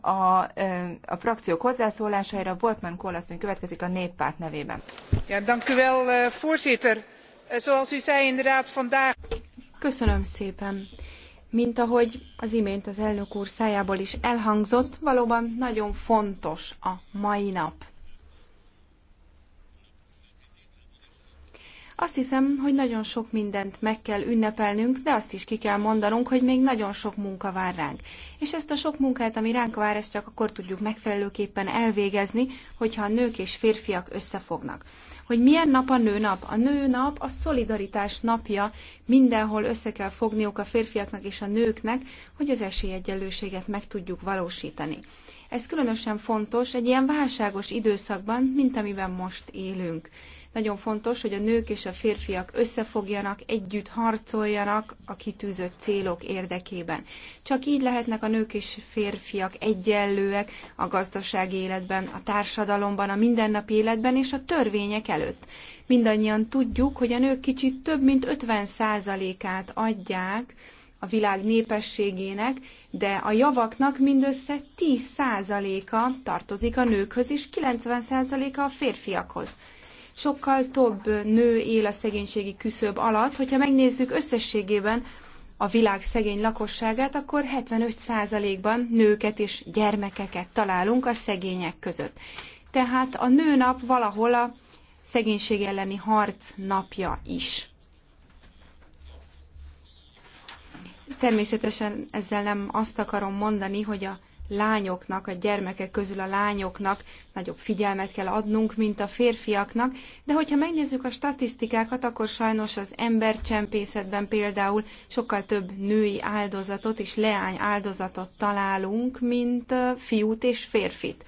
A, a frakciók hozzászólásaira Voltman Kolaszony következik a néppárt nevében. Ja, dank u wel, eh, voorzitter. Eh, zoals u zei, inderdaad vandaag... Köszönöm szépen. Mint ahogy az imént az elnök úr szájából is elhangzott, valóban nagyon fontos a mai nap. Azt hiszem, hogy nagyon sok mindent meg kell ünnepelnünk, de azt is ki kell mondanunk, hogy még nagyon sok munka vár ránk. És ezt a sok munkát, ami ránk vár, ezt csak akkor tudjuk megfelelőképpen elvégezni, hogyha a nők és férfiak összefognak. Hogy milyen nap a nőnap? A nőnap a szolidaritás napja, mindenhol össze kell fogniuk a férfiaknak és a nőknek, hogy az esélyegyenlőséget meg tudjuk valósítani. Ez különösen fontos egy ilyen válságos időszakban, mint amiben most élünk. Nagyon fontos, hogy a nők és a férfiak összefogjanak, együtt harcoljanak a kitűzött célok érdekében. Csak így lehetnek a nők és férfiak egyenlőek a gazdasági életben, a társadalomban, a mindennapi életben és a törvények előtt. Mindannyian tudjuk, hogy a nők kicsit több mint 50%-át adják a világ népességének, de a javaknak mindössze 10%-a tartozik a nőkhöz, és 90%-a a férfiakhoz. Sokkal több nő él a szegénységi küszöb alatt, hogyha megnézzük összességében a világ szegény lakosságát, akkor 75%-ban nőket és gyermekeket találunk a szegények között. Tehát a nőnap valahol a szegénység elleni harc napja is. Természetesen ezzel nem azt akarom mondani, hogy a lányoknak, a gyermekek közül a lányoknak nagyobb figyelmet kell adnunk, mint a férfiaknak, de hogyha megnézzük a statisztikákat, akkor sajnos az embercsempészetben például sokkal több női áldozatot és leány áldozatot találunk, mint fiút és férfit.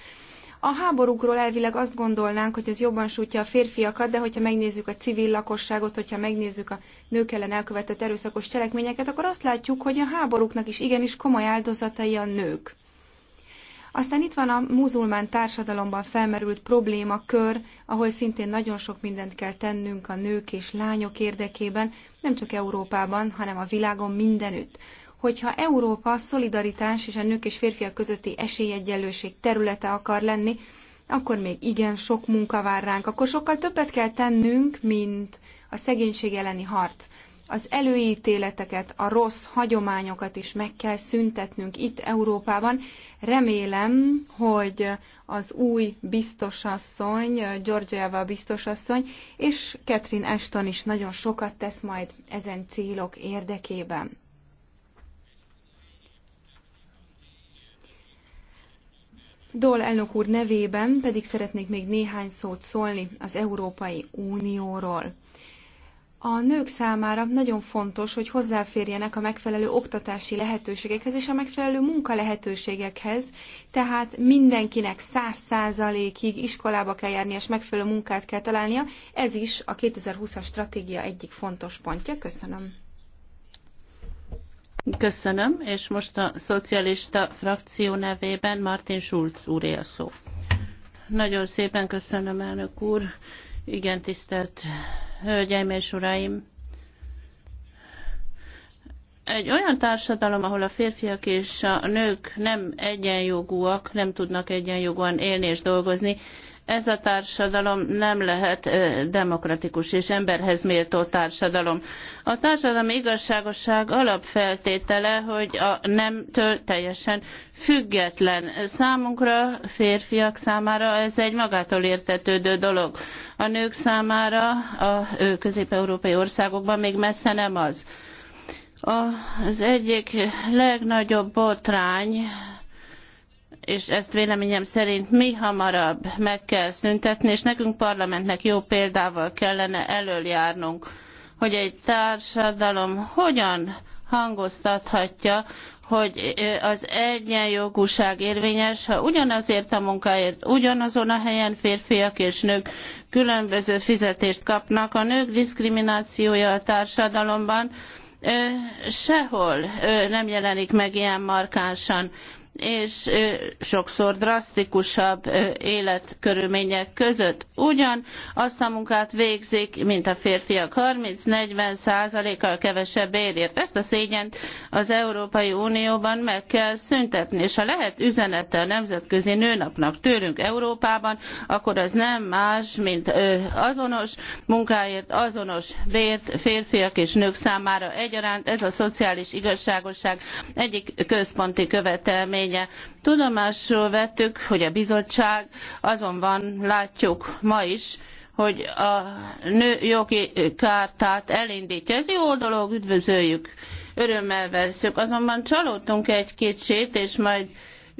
A háborúkról elvileg azt gondolnánk, hogy ez jobban sújtja a férfiakat, de hogyha megnézzük a civil lakosságot, hogyha megnézzük a nők ellen elkövetett erőszakos cselekményeket, akkor azt látjuk, hogy a háborúknak is igenis komoly áldozatai a nők. Aztán itt van a muzulmán társadalomban felmerült problémakör, ahol szintén nagyon sok mindent kell tennünk a nők és lányok érdekében, nem csak Európában, hanem a világon mindenütt hogyha Európa szolidaritás és a nők és férfiak közötti esélyegyenlőség területe akar lenni, akkor még igen sok munka vár ránk, akkor sokkal többet kell tennünk, mint a szegénység elleni harc. Az előítéleteket, a rossz hagyományokat is meg kell szüntetnünk itt Európában. Remélem, hogy az új biztosasszony, Georgiava biztosasszony, és Catherine Ashton is nagyon sokat tesz majd ezen célok érdekében. dol elnök úr nevében pedig szeretnék még néhány szót szólni az Európai Unióról. A nők számára nagyon fontos, hogy hozzáférjenek a megfelelő oktatási lehetőségekhez és a megfelelő munkalehetőségekhez, tehát mindenkinek száz százalékig iskolába kell járni és megfelelő munkát kell találnia. Ez is a 2020-as stratégia egyik fontos pontja. Köszönöm. Köszönöm, és most a szocialista frakció nevében Martin Schulz úré a szó. Nagyon szépen köszönöm, elnök úr. Igen, tisztelt hölgyeim és uraim. Egy olyan társadalom, ahol a férfiak és a nők nem egyenjogúak, nem tudnak egyenjogúan élni és dolgozni, ez a társadalom nem lehet demokratikus és emberhez méltó társadalom. A társadalmi igazságosság alapfeltétele, hogy a nemtől teljesen független. Számunkra, férfiak számára ez egy magától értetődő dolog. A nők számára a közép-európai országokban még messze nem az. Az egyik legnagyobb botrány, és ezt véleményem szerint mi hamarabb meg kell szüntetni, és nekünk parlamentnek jó példával kellene elöljárnunk, hogy egy társadalom hogyan hangoztathatja, hogy az egyenjogúság érvényes, ha ugyanazért a munkáért ugyanazon a helyen férfiak és nők különböző fizetést kapnak. A nők diszkriminációja a társadalomban sehol nem jelenik meg ilyen markánsan és sokszor drasztikusabb életkörülmények között. Ugyan azt a munkát végzik, mint a férfiak 30-40 százalékkal kevesebb érért. Ezt a szégyent az Európai Unióban meg kell szüntetni, és ha lehet üzenete a Nemzetközi Nőnapnak tőlünk Európában, akkor az nem más, mint azonos munkáért, azonos bért férfiak és nők számára egyaránt. Ez a szociális igazságosság egyik központi követelmény véleménye. Tudomásul vettük, hogy a bizottság azonban látjuk ma is, hogy a jogi kártát elindítja. Ez jó dolog, üdvözöljük, örömmel veszük. Azonban csalódtunk egy kicsit, és majd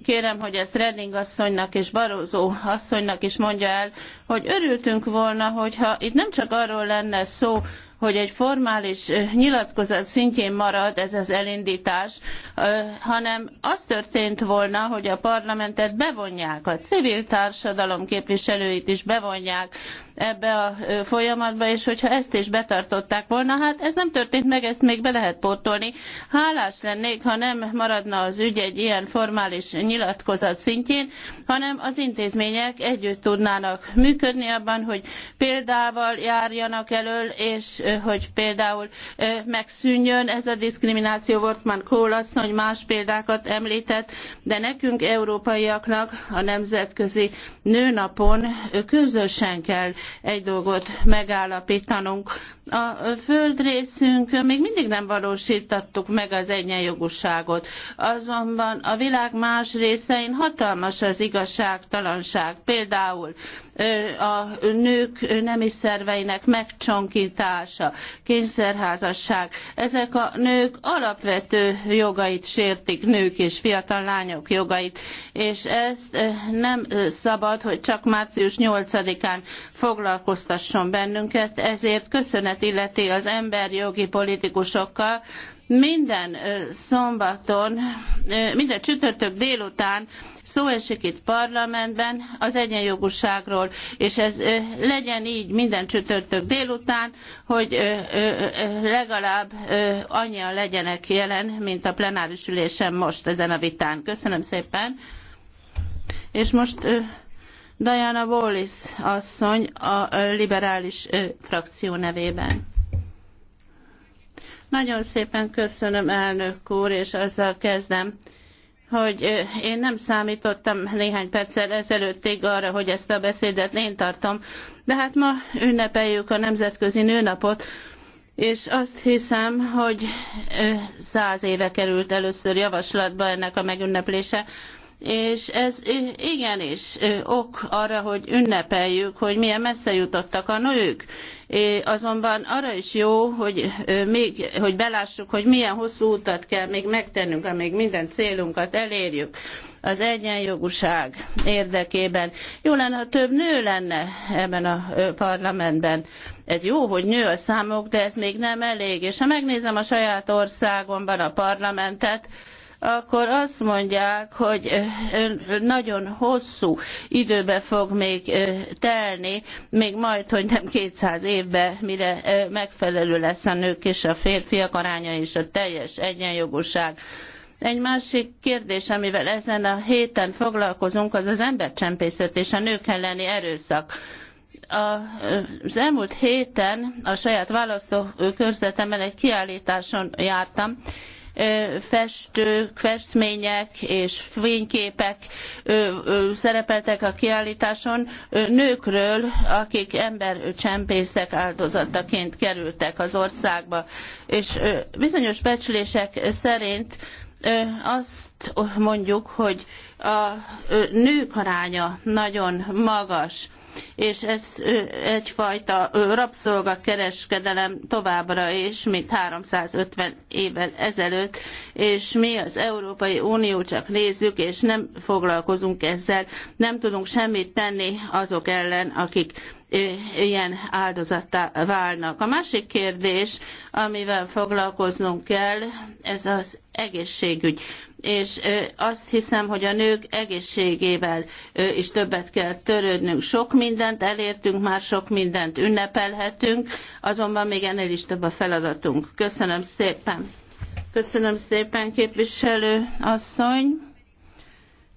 kérem, hogy ezt Redding asszonynak és Barozó asszonynak is mondja el, hogy örültünk volna, hogyha itt nem csak arról lenne szó, hogy egy formális nyilatkozat szintjén marad ez az elindítás, hanem az történt volna, hogy a parlamentet bevonják, a civil társadalom képviselőit is bevonják ebbe a folyamatba, és hogyha ezt is betartották volna, hát ez nem történt meg, ezt még be lehet pótolni. Hálás lennék, ha nem maradna az ügy egy ilyen formális nyilatkozat szintjén, hanem az intézmények együtt tudnának működni abban, hogy példával járjanak elől, és hogy például megszűnjön ez a diszkrimináció. Wortmann Kohl asszony más példákat említett, de nekünk európaiaknak a nemzetközi nőnapon közösen kell egy dolgot megállapítanunk, a földrészünkön még mindig nem valósítattuk meg az egyenjogúságot. Azonban a világ más részein hatalmas az igazságtalanság. Például a nők nemi szerveinek megcsonkítása, kényszerházasság. Ezek a nők alapvető jogait sértik, nők és fiatal lányok jogait, és ezt nem szabad, hogy csak március 8-án foglalkoztasson bennünket, ezért köszönet figyelmet illeti az emberjogi politikusokkal, minden szombaton, minden csütörtök délután szó esik itt parlamentben az egyenjogúságról, és ez legyen így minden csütörtök délután, hogy legalább annyian legyenek jelen, mint a plenáris ülésen most ezen a vitán. Köszönöm szépen. És most Diana Wallis asszony a liberális frakció nevében. Nagyon szépen köszönöm, elnök úr, és azzal kezdem, hogy én nem számítottam néhány perccel ezelőttig arra, hogy ezt a beszédet én tartom, de hát ma ünnepeljük a Nemzetközi Nőnapot, és azt hiszem, hogy száz éve került először javaslatba ennek a megünneplése, és ez igenis ok arra, hogy ünnepeljük, hogy milyen messze jutottak a nők. Azonban arra is jó, hogy, még, hogy belássuk, hogy milyen hosszú utat kell még megtennünk, amíg minden célunkat elérjük az egyenjogúság érdekében. Jó lenne, ha több nő lenne ebben a parlamentben. Ez jó, hogy nő a számok, de ez még nem elég. És ha megnézem a saját országomban a parlamentet, akkor azt mondják, hogy eh, nagyon hosszú időbe fog még eh, telni, még majd, hogy nem 200 évbe, mire eh, megfelelő lesz a nők és a férfiak aránya és a teljes egyenjogúság. Egy másik kérdés, amivel ezen a héten foglalkozunk, az az embercsempészet és a nők elleni erőszak az elmúlt héten a saját választókörzetemben egy kiállításon jártam, festők, festmények és fényképek szerepeltek a kiállításon nőkről, akik embercsempészek áldozataként kerültek az országba. És bizonyos becslések szerint azt mondjuk, hogy a nők aránya nagyon magas és ez egyfajta rabszolgakereskedelem továbbra is, mint 350 évvel ezelőtt, és mi az Európai Unió csak nézzük, és nem foglalkozunk ezzel, nem tudunk semmit tenni azok ellen, akik ilyen áldozattá válnak. A másik kérdés, amivel foglalkoznunk kell, ez az egészségügy és azt hiszem, hogy a nők egészségével is többet kell törődnünk. Sok mindent elértünk, már sok mindent ünnepelhetünk, azonban még ennél is több a feladatunk. Köszönöm szépen. Köszönöm szépen, képviselő asszony.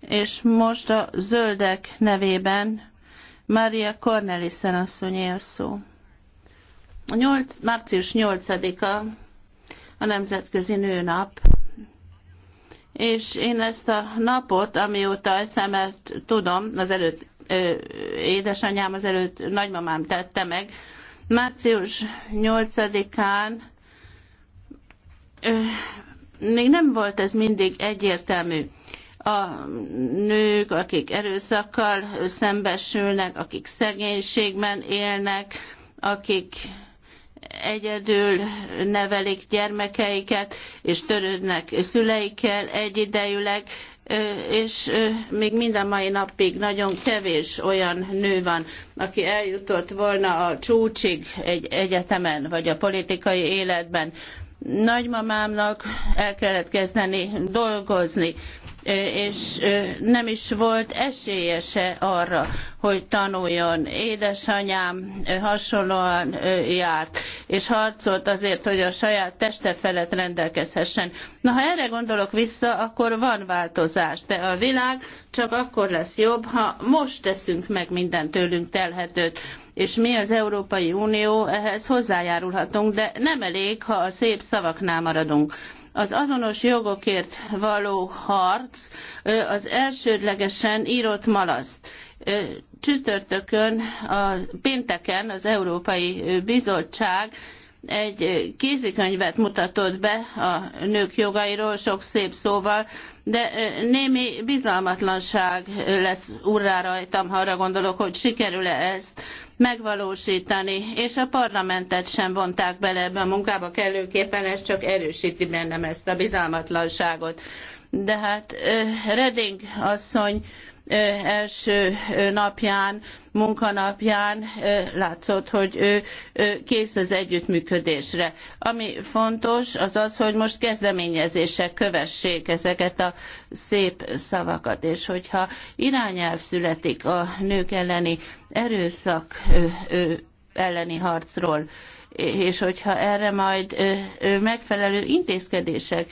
És most a zöldek nevében Maria Cornelissen asszonyé a szó. A 8, március 8-a a Nemzetközi Nőnap és én ezt a napot, amióta eszemet tudom, az előtt ö, édesanyám, az előtt nagymamám tette meg, március 8-án még nem volt ez mindig egyértelmű. A nők, akik erőszakkal szembesülnek, akik szegénységben élnek, akik egyedül nevelik gyermekeiket, és törődnek szüleikkel egyidejűleg, és még minden mai napig nagyon kevés olyan nő van, aki eljutott volna a csúcsig egy egyetemen, vagy a politikai életben. Nagymamámnak el kellett kezdeni dolgozni, és nem is volt esélyese arra, hogy tanuljon. Édesanyám hasonlóan járt, és harcolt azért, hogy a saját teste felett rendelkezhessen. Na, ha erre gondolok vissza, akkor van változás, de a világ csak akkor lesz jobb, ha most teszünk meg minden tőlünk telhetőt és mi az Európai Unió ehhez hozzájárulhatunk, de nem elég, ha a szép szavaknál maradunk az azonos jogokért való harc az elsődlegesen írott malaszt csütörtökön, a pénteken az Európai Bizottság egy kézikönyvet mutatott be a nők jogairól sok szép szóval, de némi bizalmatlanság lesz urrá rajtam, ha arra gondolok, hogy sikerül-e ezt megvalósítani, és a parlamentet sem vonták bele ebbe a munkába kellőképpen, ez csak erősíti bennem ezt a bizalmatlanságot. De hát Reding asszony első napján, munkanapján látszott, hogy ő kész az együttműködésre. Ami fontos, az az, hogy most kezdeményezések kövessék ezeket a szép szavakat, és hogyha irányelv születik a nők elleni erőszak elleni harcról, és hogyha erre majd megfelelő intézkedések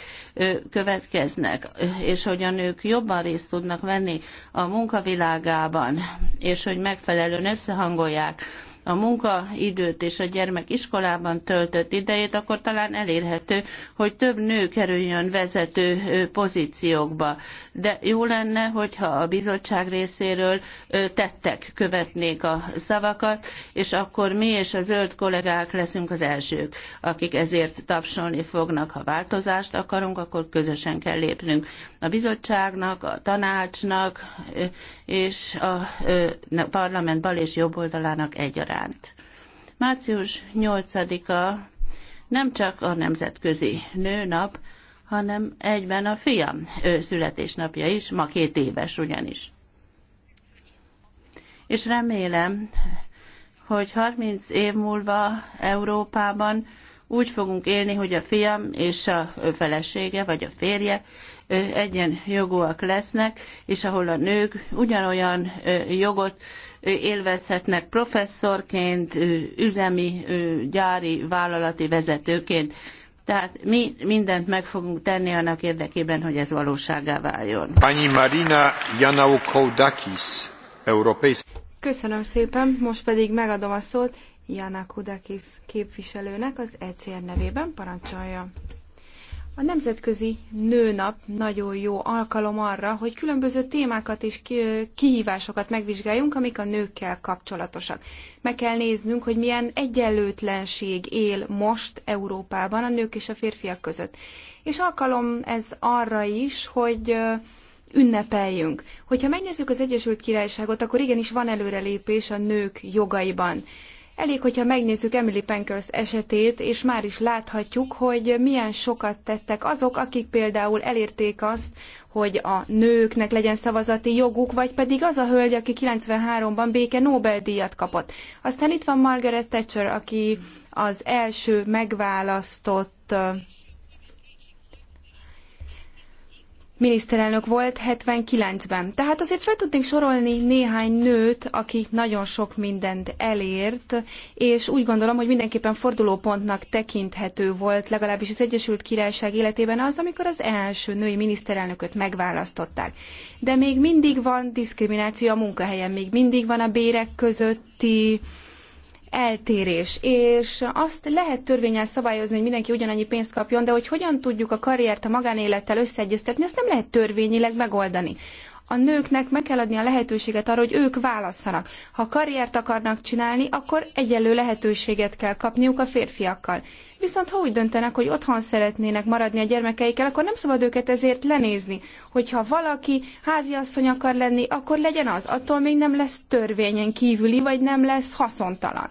következnek, és hogy a nők jobban részt tudnak venni a munkavilágában, és hogy megfelelően összehangolják a munkaidőt és a gyermek iskolában töltött idejét, akkor talán elérhető, hogy több nő kerüljön vezető pozíciókba. De jó lenne, hogyha a bizottság részéről tettek követnék a szavakat, és akkor mi és a zöld kollégák leszünk az elsők, akik ezért tapsolni fognak. Ha változást akarunk, akkor közösen kell lépnünk. A bizottságnak, a tanácsnak és a parlament bal és jobb oldalának egyaránt iránt. Március 8-a nem csak a Nemzetközi Nőnap, hanem egyben a fiam ő születésnapja is, ma két éves ugyanis. És remélem, hogy 30 év múlva Európában úgy fogunk élni, hogy a fiam és a felesége, vagy a férje egyen lesznek, és ahol a nők ugyanolyan jogot élvezhetnek professzorként, üzemi, gyári, vállalati vezetőként. Tehát mi mindent meg fogunk tenni annak érdekében, hogy ez valóságá váljon. Pani Marina Janaukoudakis, Európai... Köszönöm szépen, most pedig megadom a szót Janakoudakis képviselőnek az ECR nevében parancsolja. A Nemzetközi Nőnap nagyon jó alkalom arra, hogy különböző témákat és kihívásokat megvizsgáljunk, amik a nőkkel kapcsolatosak. Meg kell néznünk, hogy milyen egyenlőtlenség él most Európában a nők és a férfiak között. És alkalom ez arra is, hogy ünnepeljünk. Hogyha megnézzük az Egyesült Királyságot, akkor igenis van előrelépés a nők jogaiban Elég, hogyha megnézzük Emily Pankhurst esetét, és már is láthatjuk, hogy milyen sokat tettek azok, akik például elérték azt, hogy a nőknek legyen szavazati joguk, vagy pedig az a hölgy, aki 93-ban béke Nobel-díjat kapott. Aztán itt van Margaret Thatcher, aki az első megválasztott miniszterelnök volt 79-ben. Tehát azért fel tudnék sorolni néhány nőt, aki nagyon sok mindent elért, és úgy gondolom, hogy mindenképpen fordulópontnak tekinthető volt legalábbis az Egyesült Királyság életében az, amikor az első női miniszterelnököt megválasztották. De még mindig van diszkrimináció a munkahelyen, még mindig van a bérek közötti eltérés, és azt lehet törvényel szabályozni, hogy mindenki ugyanannyi pénzt kapjon, de hogy hogyan tudjuk a karriert a magánélettel összeegyeztetni, ezt nem lehet törvényileg megoldani a nőknek meg kell adni a lehetőséget arra, hogy ők válasszanak. Ha karriert akarnak csinálni, akkor egyenlő lehetőséget kell kapniuk a férfiakkal. Viszont ha úgy döntenek, hogy otthon szeretnének maradni a gyermekeikkel, akkor nem szabad őket ezért lenézni. Hogyha valaki háziasszony akar lenni, akkor legyen az, attól még nem lesz törvényen kívüli, vagy nem lesz haszontalan.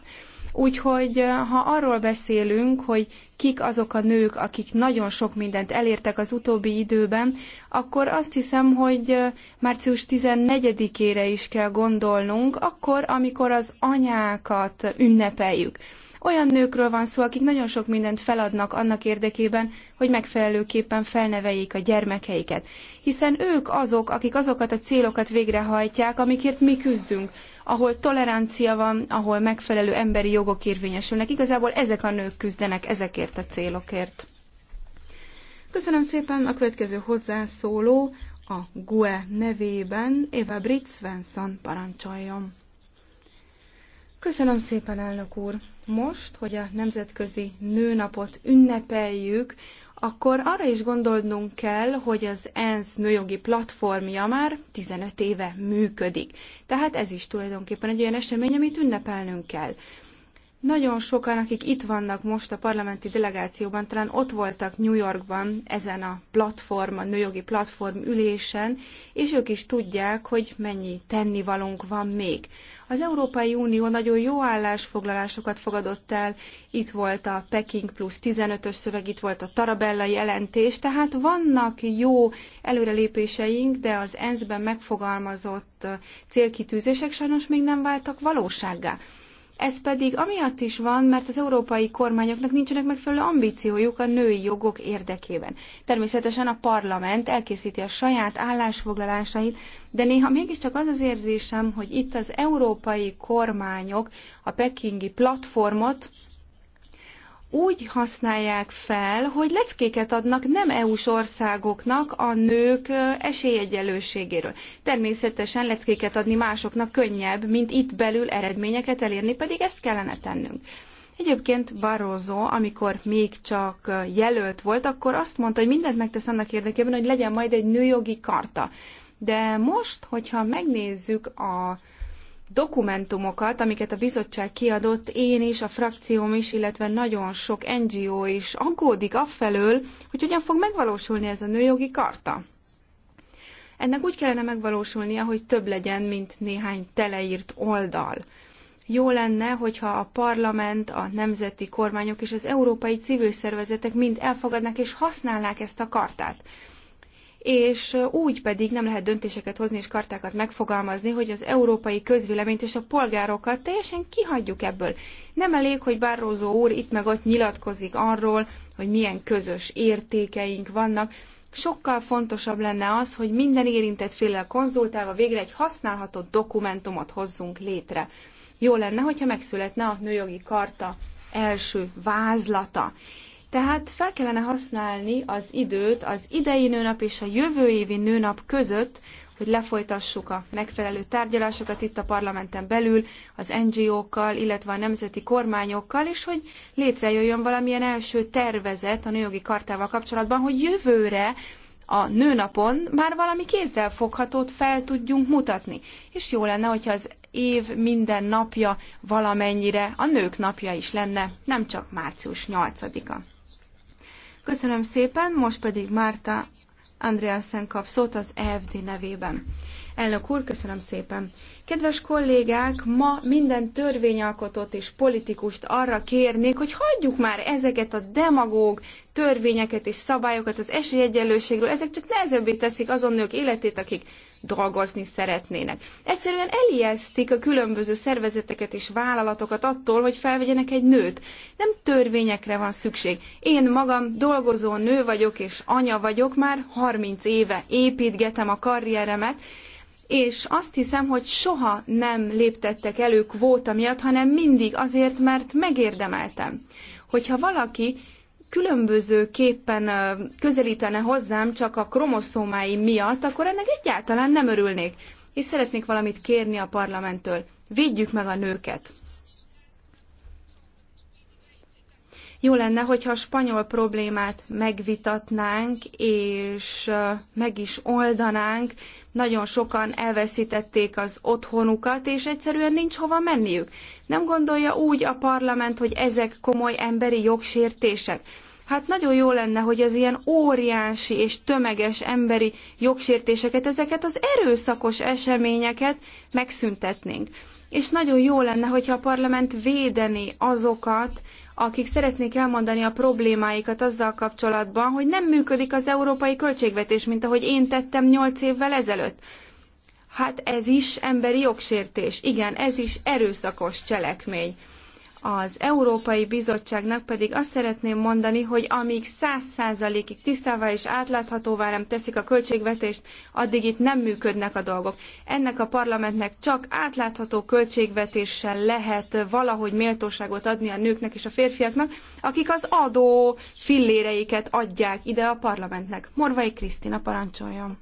Úgyhogy eh, ha arról beszélünk, hogy kik azok a nők, akik nagyon sok mindent elértek az utóbbi időben, akkor azt hiszem, hogy eh, március 14-ére is kell gondolnunk, akkor, amikor az anyákat ünnepeljük. Olyan nőkről van szó, akik nagyon sok mindent feladnak annak érdekében, hogy megfelelőképpen felneveljék a gyermekeiket. Hiszen ők azok, akik azokat a célokat végrehajtják, amikért mi küzdünk ahol tolerancia van, ahol megfelelő emberi jogok érvényesülnek. Igazából ezek a nők küzdenek ezekért a célokért. Köszönöm szépen a következő hozzászóló a GUE nevében Eva Britt Svensson parancsoljon. Köszönöm szépen, elnök úr! Most, hogy a Nemzetközi Nőnapot ünnepeljük, akkor arra is gondolnunk kell, hogy az ENSZ nőjogi platformja már 15 éve működik. Tehát ez is tulajdonképpen egy olyan esemény, amit ünnepelnünk kell. Nagyon sokan, akik itt vannak most a parlamenti delegációban, talán ott voltak New Yorkban ezen a platform, a nőjogi platform ülésen, és ők is tudják, hogy mennyi tennivalónk van még. Az Európai Unió nagyon jó állásfoglalásokat fogadott el, itt volt a Peking plusz 15-ös szöveg, itt volt a Tarabella jelentés, tehát vannak jó előrelépéseink, de az ENSZ-ben megfogalmazott célkitűzések sajnos még nem váltak valósággá. Ez pedig amiatt is van, mert az európai kormányoknak nincsenek megfelelő ambíciójuk a női jogok érdekében. Természetesen a parlament elkészíti a saját állásfoglalásait, de néha mégiscsak az az érzésem, hogy itt az európai kormányok a pekingi platformot úgy használják fel, hogy leckéket adnak nem EU-s országoknak a nők esélyegyelőségéről. Természetesen leckéket adni másoknak könnyebb, mint itt belül eredményeket elérni, pedig ezt kellene tennünk. Egyébként Barroso, amikor még csak jelölt volt, akkor azt mondta, hogy mindent megtesz annak érdekében, hogy legyen majd egy nőjogi karta. De most, hogyha megnézzük a dokumentumokat, amiket a bizottság kiadott, én is, a frakcióm is, illetve nagyon sok NGO is aggódik affelől, hogy hogyan fog megvalósulni ez a nőjogi karta. Ennek úgy kellene megvalósulnia, hogy több legyen, mint néhány teleírt oldal. Jó lenne, hogyha a parlament, a nemzeti kormányok és az európai civil szervezetek mind elfogadnák és használnák ezt a kartát és úgy pedig nem lehet döntéseket hozni és kartákat megfogalmazni, hogy az európai közvéleményt és a polgárokat teljesen kihagyjuk ebből. Nem elég, hogy Barroso úr itt meg ott nyilatkozik arról, hogy milyen közös értékeink vannak, sokkal fontosabb lenne az, hogy minden érintett féllel konzultálva végre egy használható dokumentumot hozzunk létre. Jó lenne, hogyha megszületne a nőjogi karta első vázlata. Tehát fel kellene használni az időt az idei nőnap és a jövő évi nőnap között, hogy lefolytassuk a megfelelő tárgyalásokat itt a parlamenten belül, az NGO-kkal, illetve a nemzeti kormányokkal, és hogy létrejöjjön valamilyen első tervezet a nőjogi kartával kapcsolatban, hogy jövőre a nőnapon már valami foghatót fel tudjunk mutatni. És jó lenne, hogyha az év minden napja valamennyire a nők napja is lenne, nem csak március 8-a. Köszönöm szépen, most pedig Márta Andreasen kap szót az EFD nevében. Elnök úr, köszönöm szépen. Kedves kollégák, ma minden törvényalkotót és politikust arra kérnék, hogy hagyjuk már ezeket a demagóg törvényeket és szabályokat az esélyegyenlőségről. Ezek csak nehezebbé teszik azon nők életét, akik dolgozni szeretnének. Egyszerűen elijesztik a különböző szervezeteket és vállalatokat attól, hogy felvegyenek egy nőt. Nem törvényekre van szükség. Én magam dolgozó nő vagyok és anya vagyok, már 30 éve építgetem a karrieremet, és azt hiszem, hogy soha nem léptettek elő kvóta miatt, hanem mindig azért, mert megérdemeltem. Hogyha valaki különbözőképpen közelítene hozzám csak a kromoszómái miatt, akkor ennek egyáltalán nem örülnék. És szeretnék valamit kérni a parlamenttől. Védjük meg a nőket! Jó lenne, hogyha a spanyol problémát megvitatnánk, és meg is oldanánk. Nagyon sokan elveszítették az otthonukat, és egyszerűen nincs hova menniük. Nem gondolja úgy a parlament, hogy ezek komoly emberi jogsértések Hát nagyon jó lenne, hogy az ilyen óriási és tömeges emberi jogsértéseket, ezeket az erőszakos eseményeket megszüntetnénk. És nagyon jó lenne, hogyha a parlament védeni azokat, akik szeretnék elmondani a problémáikat azzal kapcsolatban, hogy nem működik az európai költségvetés, mint ahogy én tettem nyolc évvel ezelőtt. Hát ez is emberi jogsértés. Igen, ez is erőszakos cselekmény. Az Európai Bizottságnak pedig azt szeretném mondani, hogy amíg száz százalékig tisztává és átláthatóvá nem teszik a költségvetést, addig itt nem működnek a dolgok. Ennek a parlamentnek csak átlátható költségvetéssel lehet valahogy méltóságot adni a nőknek és a férfiaknak, akik az adó filléreiket adják ide a parlamentnek. Morvai Krisztina parancsoljon!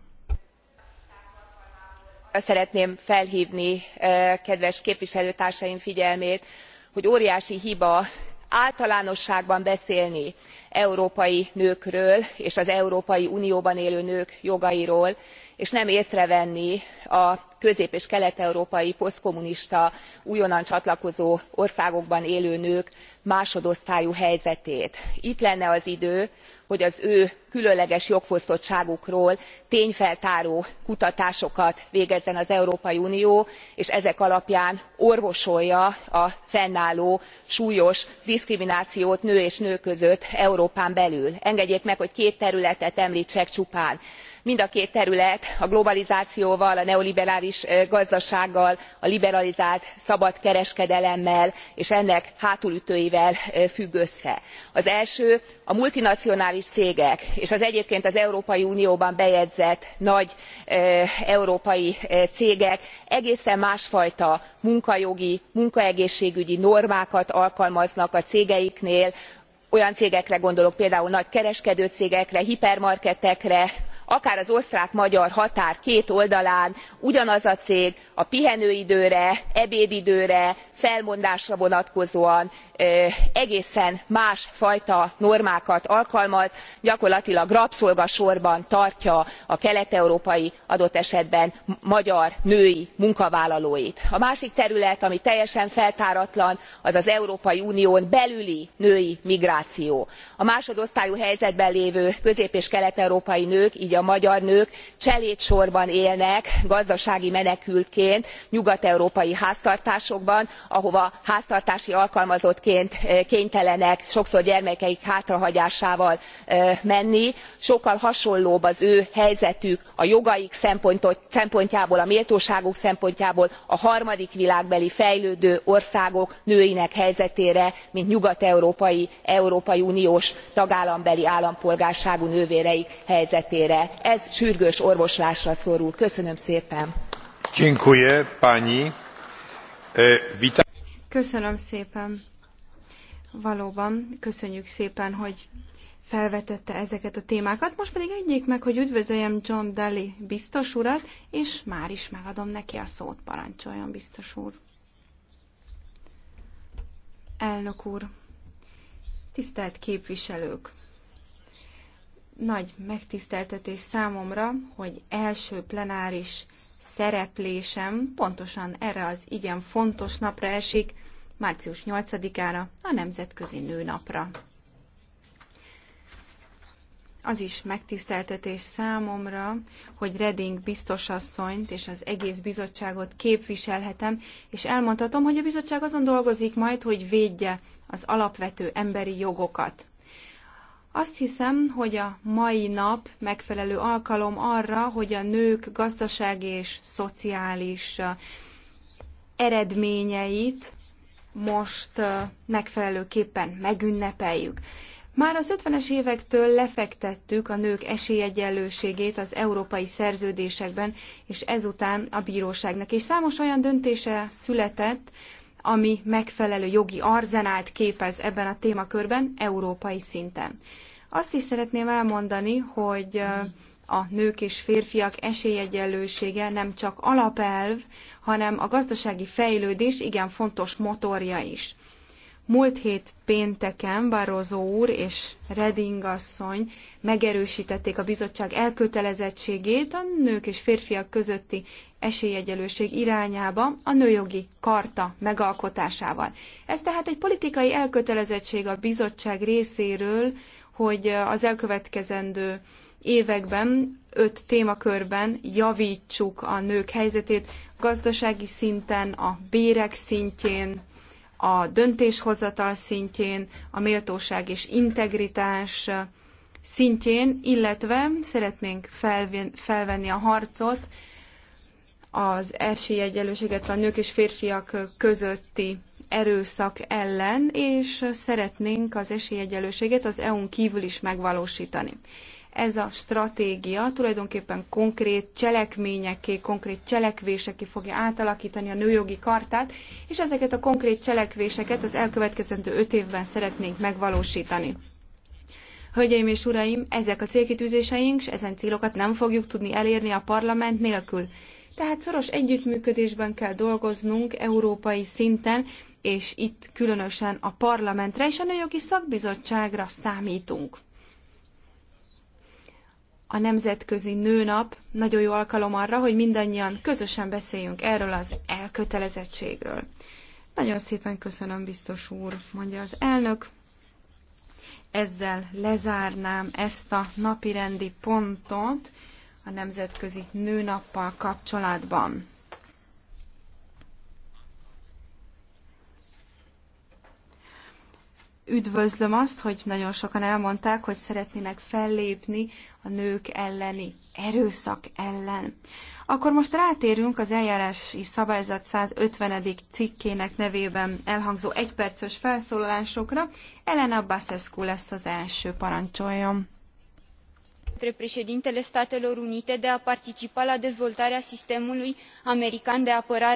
szeretném felhvni eh, kedves képviselőtársaim figyelmét hogy óriási hiba általánosságban beszélni európai nőkről és az európai unióban élő nők jogairól és nem észrevenni a közép és kelet európai posztkommunista újonnan csatlakozó országokban élő nők másodosztályú helyzetét. itt lenne az idő hogy az ő különleges jogfosztottságukról tényfeltáró kutatásokat végezzen az európai unió és ezek alapján orvosolja a fennálló súlyos diszkriminációt nő és nő között európán belül. engedjék meg hogy két területet emltsek csupán mind a két terület a globalizációval a neoliberális gazdasággal a liberalizált szabad kereskedelemmel és ennek hátulütőivel függ össze. az első a multinacionális cégek és az egyébként az európai unióban bejegyzett nagy európai cégek egészen másfajta munkajogi munkaegészségügyi normákat alkalmaznak a cégeiknél olyan cégekre gondolok például nagy kereskedőcégekre hipermarketekre akár az osztrák magyar határ két oldalán ugyanaz a cég a pihenőidőre ebédidőre felmondásra vonatkozóan egészen másfajta normákat alkalmaz gyakorlatilag rabszolgasorban tartja a kelet európai adott esetben magyar női munkavállalóit. a másik terület ami teljesen feltáratlan az az európai unión belüli női migráció. a másodosztályú helyzetben lévő közép és kelet európai nők gy a magyar nők cselédsorban élnek gazdasági menekültként nyugat európai háztartásokban ahova háztartási alkalmazottként eh, kénytelenek sokszor gyermekeik hátrahagyásával eh, menni sokkal hasonlóbb az ő helyzetük a jogaik szempontjából a méltóságuk szempontjából a harmadik világbeli fejlődő országok nőinek helyzetére mint nyugat európai európai uniós tagállambeli állampolgárságú nővéreik helyzetére. ez sürgős orvoslásra szorul. köszönöm szépen! E, köszönöm szépen! valóban köszönjük szépen hogy felvetette ezeket a témákat. Most pedig egyik meg, hogy üdvözöljem John Daly biztos urat, és már is megadom neki a szót, parancsoljon biztos úr. Elnök úr, tisztelt képviselők! Nagy megtiszteltetés számomra, hogy első plenáris szereplésem pontosan erre az igen fontos napra esik, március 8-ára, a Nemzetközi Nőnapra az is megtiszteltetés számomra, hogy Reding biztosasszonyt és az egész bizottságot képviselhetem, és elmondhatom, hogy a bizottság azon dolgozik majd, hogy védje az alapvető emberi jogokat. Azt hiszem, hogy a mai nap megfelelő alkalom arra, hogy a nők gazdasági és szociális eredményeit most megfelelőképpen megünnepeljük. Már az 50-es évektől lefektettük a nők esélyegyenlőségét az európai szerződésekben, és ezután a bíróságnak. És számos olyan döntése született, ami megfelelő jogi arzenált képez ebben a témakörben európai szinten. Azt is szeretném elmondani, hogy a nők és férfiak esélyegyenlősége nem csak alapelv, hanem a gazdasági fejlődés igen fontos motorja is. Múlt hét pénteken Barroso úr és Reding asszony megerősítették a bizottság elkötelezettségét a nők és férfiak közötti esélyegyelőség irányába a nőjogi karta megalkotásával. Ez tehát egy politikai elkötelezettség a bizottság részéről, hogy az elkövetkezendő években öt témakörben javítsuk a nők helyzetét, gazdasági szinten, a bérek szintjén, a döntéshozatal szintjén, a méltóság és integritás szintjén, illetve szeretnénk felvenni a harcot az esélyegyenlőséget a nők és férfiak közötti erőszak ellen, és szeretnénk az esélyegyenlőséget az EU-n kívül is megvalósítani ez a stratégia tulajdonképpen konkrét cselekményeké, konkrét cselekvéseké fogja átalakítani a nőjogi kartát, és ezeket a konkrét cselekvéseket az elkövetkezendő öt évben szeretnénk megvalósítani. Hölgyeim és uraim, ezek a célkitűzéseink, és ezen célokat nem fogjuk tudni elérni a parlament nélkül. Tehát szoros együttműködésben kell dolgoznunk európai szinten, és itt különösen a parlamentre és a Nőjogi Szakbizottságra számítunk a Nemzetközi Nőnap nagyon jó alkalom arra, hogy mindannyian közösen beszéljünk erről az elkötelezettségről. Nagyon szépen köszönöm, biztos úr, mondja az elnök. Ezzel lezárnám ezt a napirendi pontot a Nemzetközi Nőnappal kapcsolatban. üdvözlöm azt, hogy nagyon sokan elmondták, hogy szeretnének fellépni a nők elleni erőszak ellen. Akkor most rátérünk az eljárási szabályzat 150. cikkének nevében elhangzó egyperces felszólalásokra. Elena Basescu lesz az első, parancsoljon dintre statelor unite de a participa la dezvoltarea sistemului american de apărare